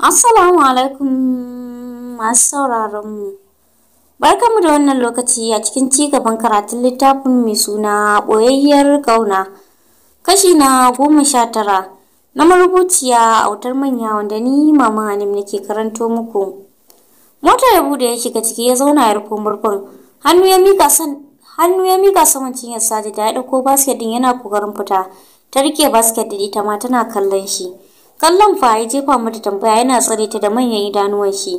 Assalamu alaikum masu sauraronmu. Barkanmu da wannan lokaci a cikin cigaban karatun littafin mai suna ɓoyayyar ƙauna. Kashi na goma sha tara na marubuciya a wutar manya wanda ni mama Hanim nake karanto muku. Mota ya bude ya shiga ciki ya zauna ya rufo murfin. Hannu ya mika saman saman cinyar ya ɗauko basket ɗin yana kokarin fita. Ta rike basket ɗin ita ma tana kallon shi. kallon fa ya jefa mata tambaya yana tsare ta da manyan idanuwan shi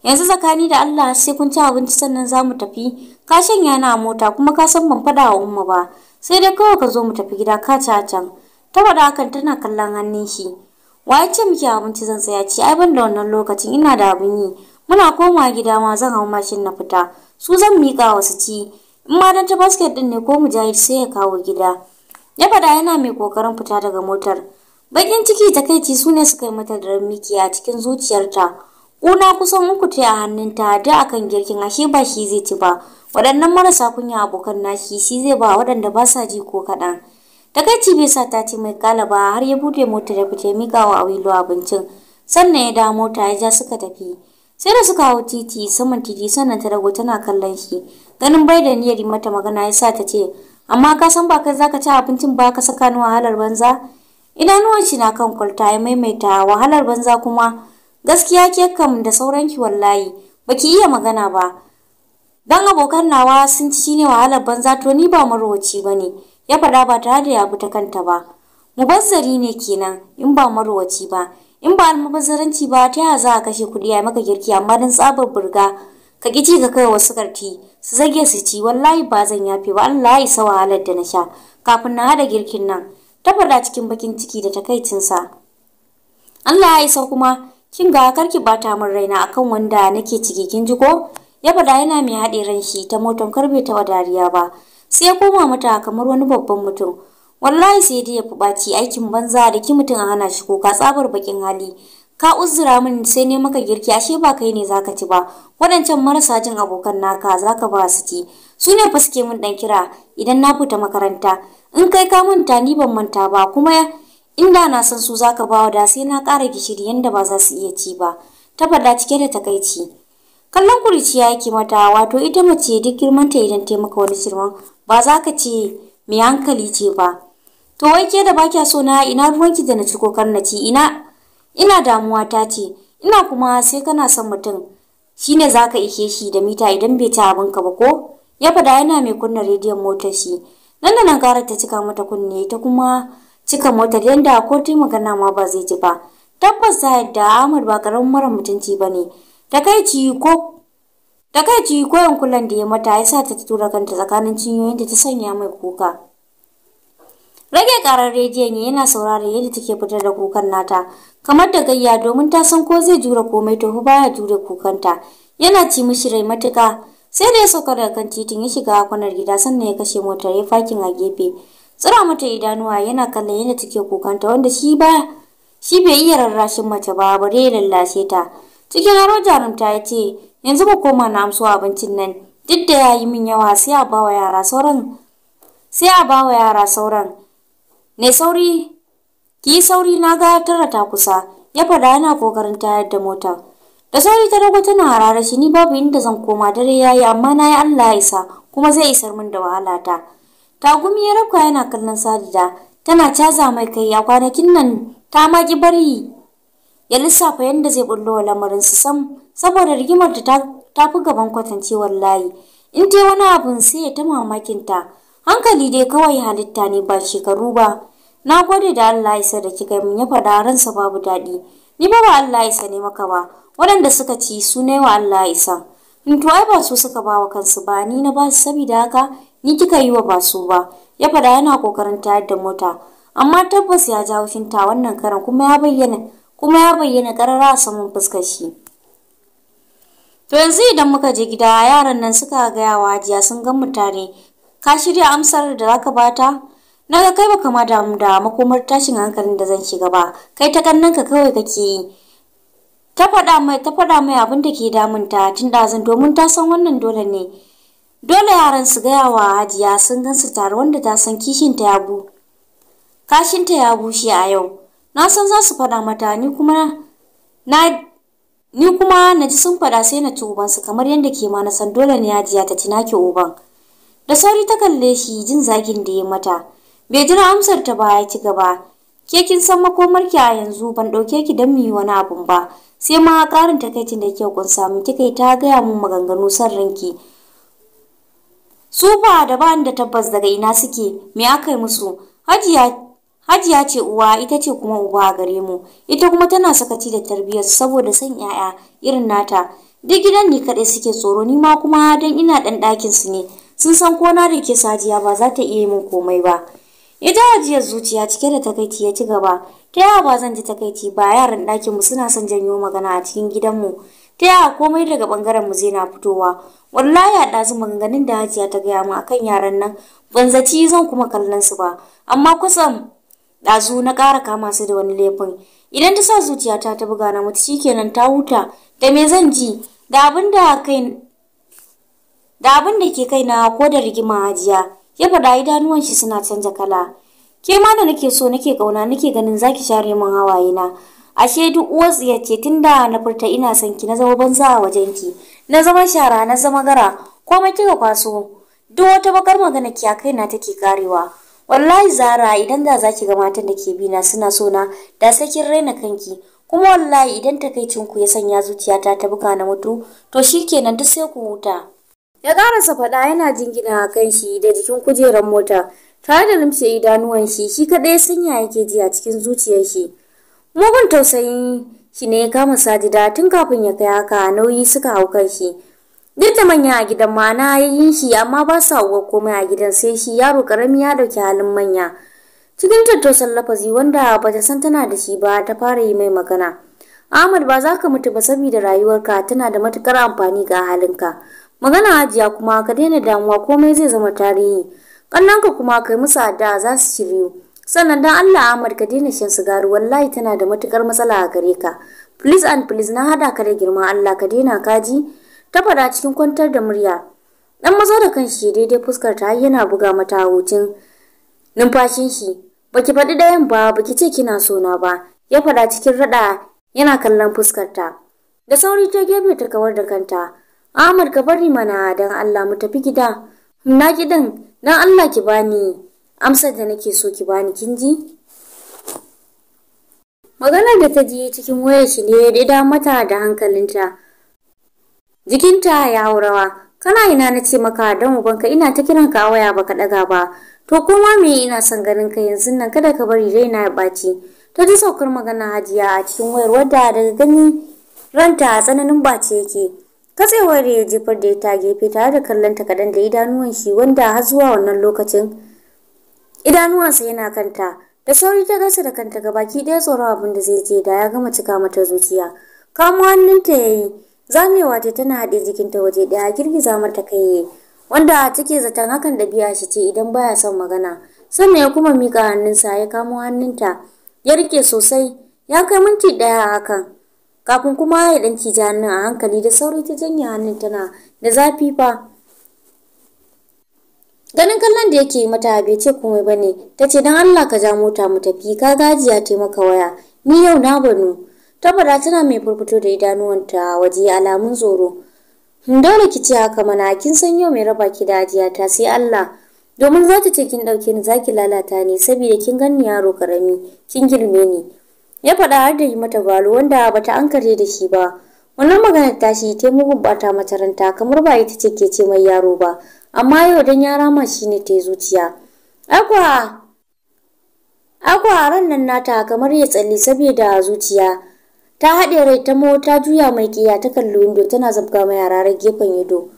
yanzu tsakani da Allah sai kun ci abinci sannan za mu tafi ka shanya na mota kuma ka san ban faɗa wa umma ba sai dai kawai ka zo mu tafi gida ka ci can ta faɗa hakan tana kallon hannun shi waye ce miki abinci zan tsaya ci ai ban da wannan lokacin ina da abin yi muna koma gida ma zan hau mashin na fita su zan miƙa wa su ci in ma dan ta basket din ne ko mu mujahid sai ya kawo gida ya faɗa yana mai kokarin fita daga motar Bakin ciki takaici su ne suka yi mata da mikiya cikin zuciyarta. Ƙuna kusan uku ta a hannunta da akan girkin ashe ba shi zai ci ba. Waɗannan marasa kunya abokan nashi shi zai ba waɗanda ba sa ji ko kaɗan. Takaici bai sa ta ce mai kalaba har ya bude mota da fita mika wa awilo abincin. Sannan ya da mota ya ja suka tafi. Sai da suka hau titi saman titi sannan ta rago tana kallon shi. Ganin bai da niyyar mata magana ya sa ta ce, amma ka san ba kai zaka ci abincin ba ka saka ni wahalar banza. idanuwan shi na kan kwalta ya maimaita wahalar banza kuma gaskiya ke kam da sauranki wallahi baki iya magana ba dan abokan nawa sun ci shine wahalar banza to ni ba marwaci bane ya faɗa ba ta da ya bi ta kanta ba mubazzari ne kenan in ba marwaci ba in ba almubazzaranci ba ta yaya za a kashe kuɗi a maka girki amma don tsabar burga ka ƙi ka kai wasu karti su zage su ci wallahi ba zan yafe ba Allah ya isa wahalar da na sha kafin na hada girkin nan ya faɗa cikin bakin ciki da takaicinsa. Allah ya isa kuma kin ga karki bata min raina akan wanda nake ciki kin ji ko? Ya fada yana mai haɗe ran shi ta motan karbe ta wadariya ba. Sai ya koma mata kamar wani babban mutum. Wallahi sai dai ya fi ɓaci aikin banza da ki mutum a hana shi kuka tsabar bakin hali. ka uzura min sai ne maka girki ashe ba kai ne zaka ci ba waɗancan marasa jin abokan naka zaka ba su ci su ne fa suke min ɗan kira idan na fita makaranta in kai ka manta ni ban manta ba kuma inda na san su zaka ba da sai na ƙara gishiri yanda ba za su iya ci ba ta faɗa cike da takaici kallon kuriciya yake mata wato ita mace duk girmanta idan ta maka wani shirman ba za ka ce mai hankali ce ba to wai ke da ba kya so na ina ruwanki da na ci kokar na ci ina ina damuwa ta ce ina kuma sai kana son mutum shine ka ike shi da mita idan bai ta ka ba ko ya fada yana mai kunna rediyon motar shi nan da nan karar ta cika mata kunne ta kuma cika motar yanda ko ta magana ma ba zai ji ba tabbas ta yadda Ahmad ba ƙaramin mara mutunci ba ne takaici ko Takaici koyon kulan da ya mata ya sa ta tura kanta tsakanin cinyoyin da ta sanya mai kuka. Rage karar rediyon ya yana saurara yadda take fitar da kukan nata, kamar da gayya domin ta san ko zai jure komai to baya jure kukanta. Yana ci mishi rai matuka. Sai da ya sauka daga kan titin ya shiga kwanar gida sannan ya kashe motar ya fakin a gefe. Tsira mata idanuwa yana kallon yadda take kukanta wanda shi ba shi bai iya rarrashin mace ba bare ya lallashe ta. Cikin haro jarumta ya ce yanzu ba koma na amsu abincin nan duk da ya yi min yawa sai a bawa yara sauran sai a bawa yara sauran ne sauri ki sauri na ga tara ta kusa ya faɗa yana kokarin tayar da mota da sauri ta rago tana harara, shi ni babu inda zan koma dare yayi amma na yi Allah ya isa kuma zai isar min da wahala ta tagumi ya rakwa yana kallon sadida tana caza mai kai a kwanakin nan ta ma ki bari ya lissafa yadda zai bullo wa lamarin su sam saboda rigimar ta ta fi gaban kwatancewar layi in ta wani abun sai ya ta mamakin ta hankali dai kawai halitta ne ba shekaru ba na gode da Allah ya sa da kika mun ya faɗa ransa babu daɗi ni ba ba Allah ya ne maka ba waɗanda suka ci su ne wa Allah ya sa in to ai ba su suka ba wa kansu ba ni na ba su saboda haka ni kika yi wa ba su ba ya faɗa yana kokarin tayar da mota amma tabbas ya ja ta wannan karan kuma ya bayyana kuma ya bayyana karara saman fuskar shi to yanzu idan muka je gida yaran nan suka gaya wa hajiya sun ga mutane ka shirya amsar da zaka bata na ga kai baka ma damu da makomar tashin hankalin da zan shiga ba kai ta kannan ka kawai kake yi ta faɗa mai ta faɗa mai abin da ke damunta tun ɗazun domin ta san wannan dole ne dole yaran su gaya wa hajiya sun gan su tare wanda ta san ta ya bu kashinta ya bushe a yau na san za su faɗa mata ni kuma na ni kuma na ji sun faɗa sai na ci ubansu kamar yadda ke ma na san dole ne hajiya ta ci naki uban Da sauri ta kalle shi jin zagin da ya mata. Bai jira amsar ta ba ya ci gaba. Ke kin san makomarki a yanzu ban dauke ki dan muyi wani abun ba. Sai ma karin takaicin da ke kun samu kika ta gaya mun maganganu son ranki. Su ba da ba da tabbas daga ina suke me aka yi musu. Hajiya Hajiya ce uwa ita ce kuma uba a gare mu. Ita kuma tana sakaci da tarbiyyar saboda san yaya irin nata. Duk gidan ni kaɗai suke tsoro ni ma kuma dan ina ɗan ɗakin su ne. sun san ko na rike sajiya ba za ta iya min komai ba. Ita ajiyar zuciya cike da takaici ya ci gaba, ta yawa ba zan ji takaici ba yaran ɗakin mu suna son janyo magana a cikin gidanmu, ta yawa komai daga mu zai na fitowa. Wallahi a ɗazu maganganun da hajiya ta gaya mu akan yaran nan, ban zaci zan kuma kallon su ba, amma kusan ɗazu na ƙara kama su da wani laifin. Idan ta sa zuciyata ta buga na mutu shikenan ta huta, da me zan ji, da abin da kai da abin da ke kaina ko da rigima hajiya ya faɗa idanuwan shi suna canza kala ke ma da nake so nake kauna nake ganin zaki share min hawaye na ashe duk uwar tun da na furta ina son ki na zama banza a wajen ki na zama shara na zama gara komai kika kwaso duk wata bakar magana ki a kaina take karewa wallahi zara idan da zaki ga matan da ke bina suna so na da sai kin raina kanki kuma wallahi idan takaicin ku ya sanya zuciyata ta buga na mutu to shikenan duk sai ku huta Ya karasa faɗa yana jingina a kan shi da jikin kujerar mota, tare da rumshe idanuwan shi, shi kaɗai sanya yake ji a cikin zuciyar shi. Mugun tausayin shi ne ya kama sajida tun kafin ya kai haka nauyi suka hau kan shi. Duk da manya a gidan ma na yi shi amma ba sa uwa komai a gidan sai shi yaro karami ya dauki halin manya. Cikin tattausan lafazi wanda ba ta san tana da shi ba ta fara yi mai magana. Ahmad ba za ka mutu ba saboda rayuwarka tana da matukar amfani ga halinka. magana ajiya kuma ka daina damuwa komai zai zama tarihi ka kuma kai musu addu'a za su shiryu sannan dan Allah Ahmad ka daina shan sigari wallahi tana da matukar matsala a gare ka please and please na hada ka da girman Allah ka daina kaji ta fada cikin kwantar da murya dan mazo da kanshi daidai fuskar ta yana buga mata hucin numfashin shi baki faɗi dayan ba baki ce kina so ba ya fada cikin rada yana kallon fuskar ta da sauri ta gefe ta kawar da kanta Ahmad ka bari mana don Allah mu tafi gida. Na gidan don Allah ki bani amsar da nake so ki bani kin ji? Maganar da ta ji cikin wayar shi ne ya da mata da hankalinta. Jikinta ya haurawa. Kana ina na ce maka don ubanka ina ta kiran ka a waya baka daga ba. To kuma me ina son ganin ka yanzu nan kada ka bari raina ya ɓaci. Ta ji saukar magana hajiya a cikin wayar wadda daga gani ranta tsananin bace yake. katsewar ya jefar da ta gefe tare da kallon takadan da idanuwan shi wanda har zuwa wannan lokacin idanuwansa yana kanta da sauri ta gasa da kanta ga baki ɗaya tsoro abin da zai je da ya gama cika mata zuciya kamo hannunta ya yi zamewa ta tana haɗe jikinta waje ɗaya girgiza mata kai wanda a take zaton hakan ɗabi'a shi ce idan baya son magana sannan ya kuma miƙa hannunsa ya kamo hannunta ya rike sosai ya kai minti ɗaya a hakan kafin kuma ya ɗanki ja hannun a hankali da sauri ta janye hannun tana da zafi fa ganin kallon da yake mata bai ce komai ba ne ta ce don allah ka ja mota mu tafi ka gajiya taimaka waya ni yau na banu tabbata tana mai furfuto da idanuwanta waje alamun tsoro hmm, dole ki ce haka mana kin san yau mai raba ki da ajiya ta sai allah domin zata ce kin ɗauke ni za ki lalata ni saboda kin ganni yaro karami kin girme ni ya faɗa har da yi mata gwalo wanda bata ankare da shi ba wannan maganar shi ta mu bata mataranta kamar ba ita ce ke ce mai yaro ba amma yau dan yara ma shine ta zuciya akwa akwa ran nan nata kamar ya tsalle saboda zuciya ta haɗe rai ta mota juya mai kiya ta kallo window tana zabga mai yara ra gefen ido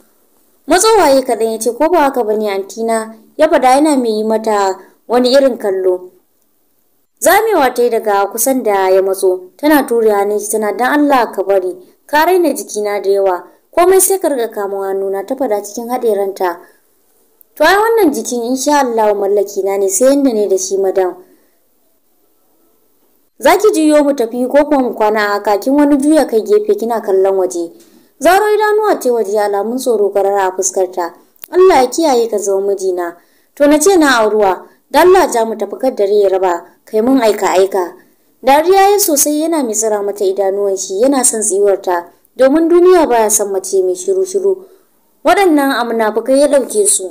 matsowaye kaɗan ya ce ko ba haka bane antina ya faɗa yana mai yi mata wani irin kallo Zamewa ta yi daga kusan da ya matso, tana turiya ne tana dan Allah ka bari, ka raina jikina da yawa, komai sai ka riga kama hannuna ta fada cikin haɗe ranta. To ai wannan jikin insha Allah mallaki na ne sai yanda ne da shi madam. Za ki juyo mu tafi ko kuma mu kwana a haka? Kin wani juya kai gefe kina kallon waje. Zaro idanuwa ce waje alamun tsoro karara a fuskarta. Allah ya kiyaye ka zama mijina. To na ce na auruwa, Dalla ja mu tafi kar dare ya raba, kai mun aika aika. Dariya ya sosai yana mai tsira mata idanuwan shi yana son tsiwarta domin duniya baya son mace mai shiru shiru. Waɗannan amnafukai ya ɗauke su.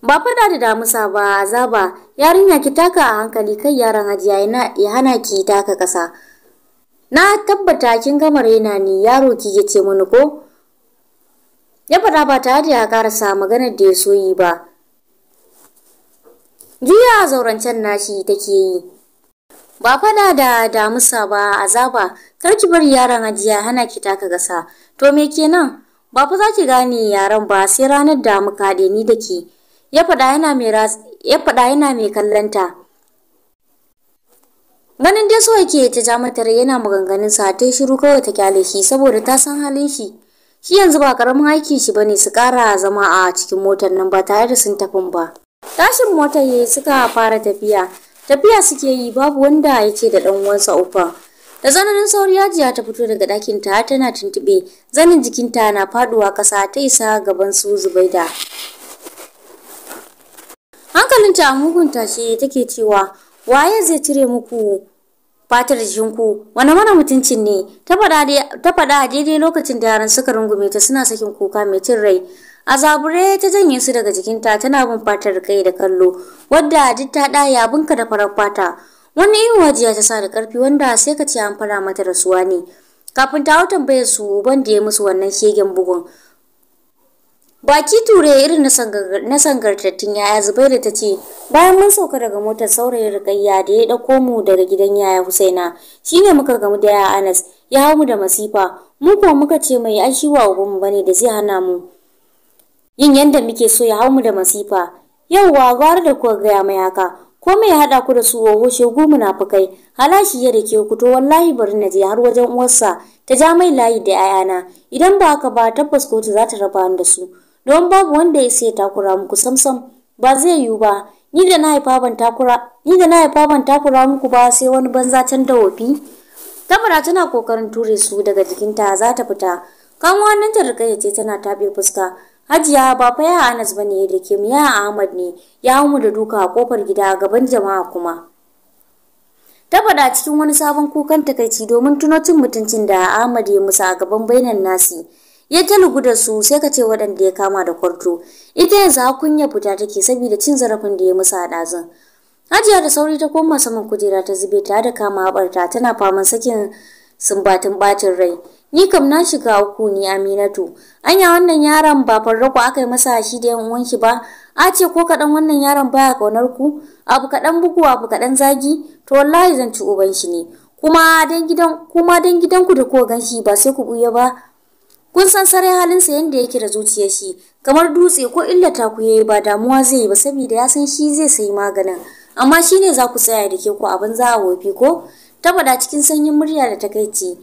Ba fada da damusa ba azaba yarinya ki taka a hankali kai yaran hajiya yana ya hana ki taka ƙasa. Na tabbata kin gama raina ni yaro ki ya ce mani ko? Ya fada ba tare da ya karasa maganar da ya so yi ba. Juya zaurancen nashi take yi. Ba fada da damusa ba azaba, kar ki bar yaran ajiya hana ki taka gasa. To me kenan? Ba fa za ki gane yaran ba sai ranar da muka da ni da ke. Ya faɗa yana mai ya yana mai kallanta. Ganin dai so yake ta ja mata yana maganganun sa ta shiru kawai ta kyale shi saboda ta san halin shi. Shi yanzu ba karamin aiki shi bane su kara zama a cikin motar nan ba tare da sun tafin ba. tashin motar yayi suka fara tafiya tafiya suke yi babu wanda yake da dan uwansa ufa da tsananin sauri yajiya ta fito daga ɗakin ta tana tuntuɓe zanin jikinta na faɗuwa ƙasa ta isa gaban su zubaida hankalinta a mugun tashi take cewa waye zai cire muku fatar jinku wani mana mutuncin ne ta faɗa a daidai lokacin da yaran suka rungume ta suna sakin kuka mai cin rai a zabure ta janye su daga jikinta tana bin fatar kai da kallo wadda duk ta ɗaya abinka da farar fata wani yin ya ta sa da karfi wanda sai ka ce an fara mata rasuwa ne kafin ta bayan su da ya musu wannan shegen bugun baki ture irin na sangartattun yaya Zubairu ta ce bayan mun sauka daga motar saurayin rikayya da ya ɗauko mu daga gidan yaya husaina shi ne muka gamu da yaya anas ya hau mu da masifa mu kuwa muka ce mai an shi wa ubanmu bane da zai hana mu yin yadda muke so ya hau mu da masifa yauwa gwara da kuka gaya mai haka ko mai haɗa ku da su oho shegu munafukai halashi ya da ke ku to wallahi bari na je har wajen uwarsa ta ja mai layi da 'ya'yana idan ba haka ba tabbas kotu za ta raba ni da su don babu wanda ya sai takura muku samsam ba zai yiwu ba ni da na haifa ban takura ni da na haifa ban takura muku ba sai wani banza can da wofi tamara tana kokarin ture su daga jikinta za ta fita kan wannan ta ce tana tabe fuska Hajiya ba fa ya Anas bane da dake ya Ahmad ne ya mu da duka a kofar gida gaban jama'a kuma. Ta faɗa cikin wani sabon kukan takaici domin tuno cin mutuncin da Ahmad ya musa a gaban bainan nasi. Ya ta da su sai ka ce waɗanda ya kama da kwarto. Ita yanzu hakunya fita take saboda cin zarafin da ya musa a ɗazun. Hajiya da sauri ta koma saman kujera ta zube ta da kama haɓarta tana faman sakin sumbatin ɓacin rai. Ni kam na shiga uku ni Aminatu. Anya wannan yaron ba farrako aka yi masa shi da yan uwanki ba. A ce ko kadan wannan yaron baya kaunar ku? Abu kadan buku abu kadan zagi? To wallahi zan ci uban shi ne. Kuma dan gidan kuma dan gidanku da ko ganshi ba sai ku buya ba. Kun san halin sa yanda yake da zuciyar shi, kamar dutse ko illata ku yayi ba damuwa zai yi ba saboda ya san shi zai sayi maganin. Amma shine za ku tsaya da ke ku abin za a wofi ko? Ta faɗa cikin sanyin murya da takaici.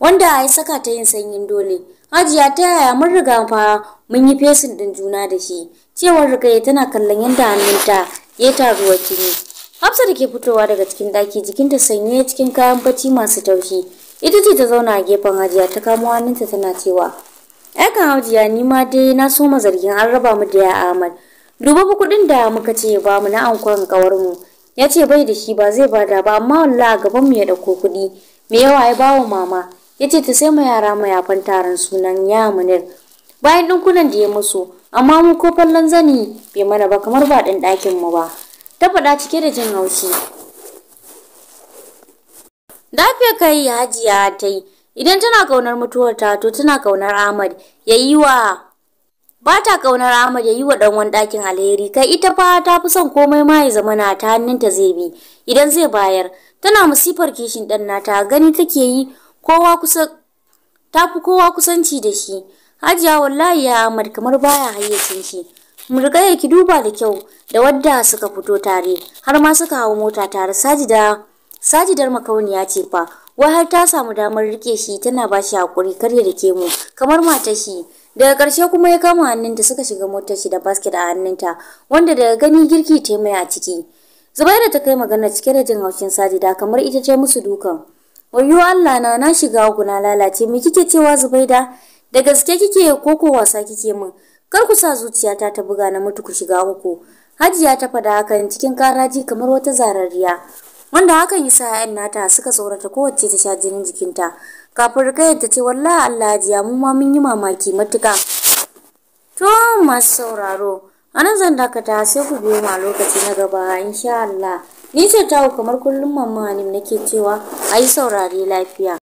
wanda ya saka ta yin sanyin dole. Hajiya ta yaya mun riga fa mun yi fesin din juna da shi. Cewar rigaye tana kallon yadda hannunta ya taruwa kini. Hafsa da ke fitowa daga cikin daki jikinta sanye cikin kayan bacci masu taushi. Ita ce ta zauna a gefen Hajiya ta kamo hannunta tana cewa, "Yakan Hajiya ni ma dai na soma zargin an raba mu da ya amal Duba fa kuɗin da muka ce ya bamu na ankon kawarmu." Ya ce bai da shi ba zai bada ba amma wallahi a gaban mu ya ɗauko kuɗi. Me yawa ya bawa mama ya ce ta sai ma yara mayafan taron sunan ya munir bayan ɗinkunan da ya musu amma mu ko fallon zani bai mana ba kamar ba ɗin ɗakin mu ba ta faɗa cike da jin haushi dafe kai hajiya ta yi idan tana kaunar mutuwar ta to tana kaunar ahmad ya yi wa ba ta kaunar Ahmad ya yi wa ɗan wani ɗakin alheri kai ita fa ta fi son komai ma ya zama na ta hannunta zai bi idan zai bayar tana masifar kishin ɗan nata gani take yi kowa kusan ta fi kowa kusanci da shi hajiya wallahi ya amar kamar baya hayyacin shi ya ki duba da kyau da wadda suka fito tare har ma suka hau mota tare sajida sajidar makauniya ce fa wai har ta samu damar rike shi tana ba shi hakuri kar ya rike mu kamar matar shi daga ƙarshe kuma ya kama hannunta suka shiga mota shi da basket a hannunta wanda daga gani girki ta mai a ciki zubaira ta kai magana cike da jin haushin sajida kamar ita ce musu dukan wayo Allah na na shiga uku na lalace me kike cewa Zubaida da gaske kike ko ko wasa kike min kar ku sa zuciyata ta buga na mutu ku shiga uku Hajiya ta fada hakan cikin karaji kamar wata zarariya wanda hakan yasa ƴan nata suka tsorata kowace ta sha jinin jikinta kafin kai ta ce wallahi Allah Hajiya mu ma mun yi mamaki matuka to masu sauraro anan zan dakata sai ku biyo ma lokaci na gaba insha Allah Ni ce ta kamar kullum mamma nake cewa ai saurare lafiya.